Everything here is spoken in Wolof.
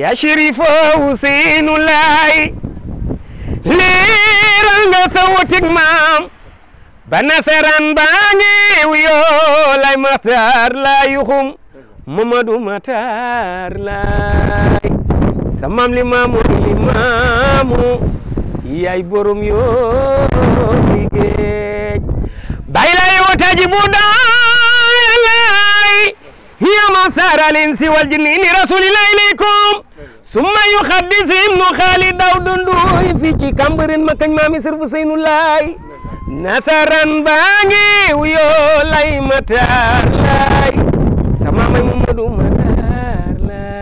ya shirifa Huseenu Laay leeral nga sawtik maam ba nasaraan baa ñëw yoo lay Matar Laay yuxum Mamadu Matar Laay sa maam li maamu li maamu yaay borom yoo fi bay lay wotaaji bu daay lay hiya ma saaralin si wal jinni ni rasulillahi ilaykum summa yu xaddis ibnu xaali daw dunduy fii ci kambarin ma kañ maami sërfu seynu laay nasaran baa ngi wuyoo lay mataar laay sama may mamadu mataar laay